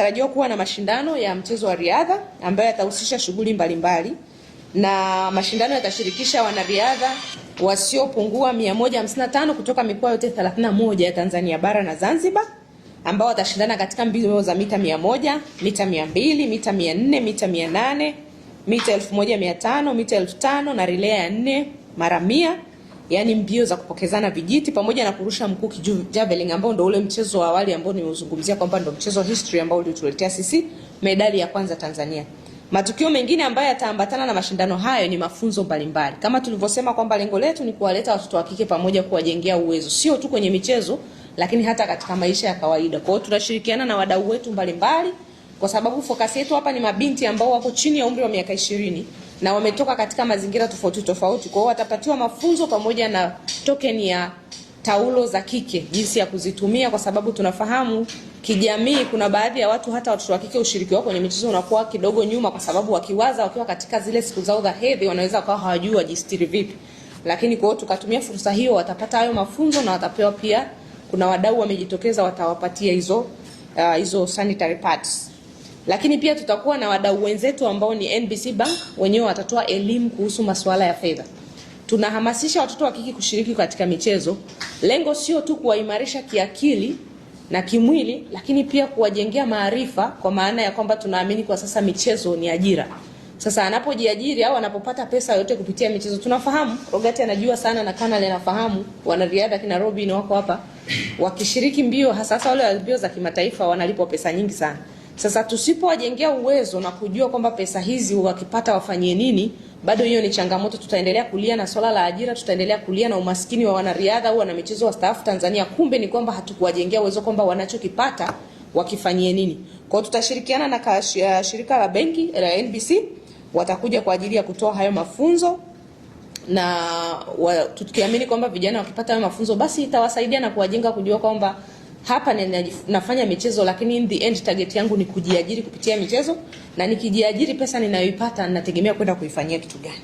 tunatarajiwa kuwa na mashindano ya mchezo wa riadha ambayo yatahusisha shughuli mbalimbali, na mashindano yatashirikisha wanariadha wasiopungua 155 kutoka mikoa yote 31 ya Tanzania bara na Zanzibar ambao watashindana katika mbio za mita 100, mita 200, mita 400, mita 800, mita 1500, mita 5000 na rilea ya 4 mara 100 yani mbio za kupokezana vijiti pamoja na kurusha mkuki juu javelin, ambao ndio ule mchezo wa awali ambao nimeuzungumzia kwamba ndio mchezo history ambao ulituletea sisi medali ya kwanza Tanzania. Matukio mengine ambayo yataambatana na mashindano hayo ni mafunzo mbalimbali. Kama tulivyosema kwamba lengo letu ni kuwaleta watoto wa kike pamoja, kuwajengea uwezo sio tu kwenye michezo, lakini hata katika maisha ya kawaida. Kwa hiyo tunashirikiana na wadau wetu mbalimbali, kwa sababu fokasi yetu hapa ni mabinti ambao wako chini ya umri wa miaka ishirini na wametoka katika mazingira tofauti tofauti. Kwa hiyo watapatiwa mafunzo pamoja na token ya taulo za kike, jinsi ya kuzitumia, kwa sababu tunafahamu kijamii kuna baadhi ya watu, hata watoto wa kike, ushiriki wao kwenye michezo unakuwa kidogo nyuma, kwa sababu wakiwaza wakiwa katika zile siku zao za hedhi, wanaweza wakawa hawajui wajistiri vipi. Lakini kwa hiyo tukatumia fursa hiyo, watapata hayo mafunzo na watapewa pia, kuna wadau wamejitokeza, watawapatia hizo uh, hizo uh, sanitary pads lakini pia tutakuwa na wadau wenzetu ambao ni NBC Bank, wenyewe watatoa elimu kuhusu masuala ya fedha. Tunahamasisha watoto wa kike kushiriki katika michezo, lengo sio tu kuwaimarisha kiakili na kimwili, lakini pia kuwajengea maarifa, kwa maana ya kwamba tunaamini kwa sasa michezo ni ajira. Sasa anapojiajiri au anapopata pesa yote kupitia michezo, tunafahamu Rogati anajua sana na Kanali anafahamu, wanariadha kina Robin wako hapa, wakishiriki mbio hasa wale wa mbio za kimataifa wanalipwa pesa nyingi sana. Sasa tusipowajengea uwezo na kujua kwamba pesa hizi wakipata wafanyie nini, bado hiyo ni changamoto. Tutaendelea kulia na swala la ajira, tutaendelea kulia na umaskini wa wanariadha au wanamichezo wastaafu Tanzania. Kumbe ni kwamba hatukuwajengea uwezo kwamba wanachokipata wakifanyie nini. Kwa hiyo tutashirikiana na kash, eh, shirika la benki la NBC watakuja kwa ajili ya kutoa hayo mafunzo na tukiamini kwamba vijana wakipata hayo mafunzo basi itawasaidia na kuwajenga kujua kwamba hapa nafanya michezo, lakini in the end target yangu ni kujiajiri kupitia michezo, na nikijiajiri, pesa ninayoipata ninategemea kwenda kuifanyia kitu gani?